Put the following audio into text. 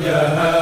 وجهها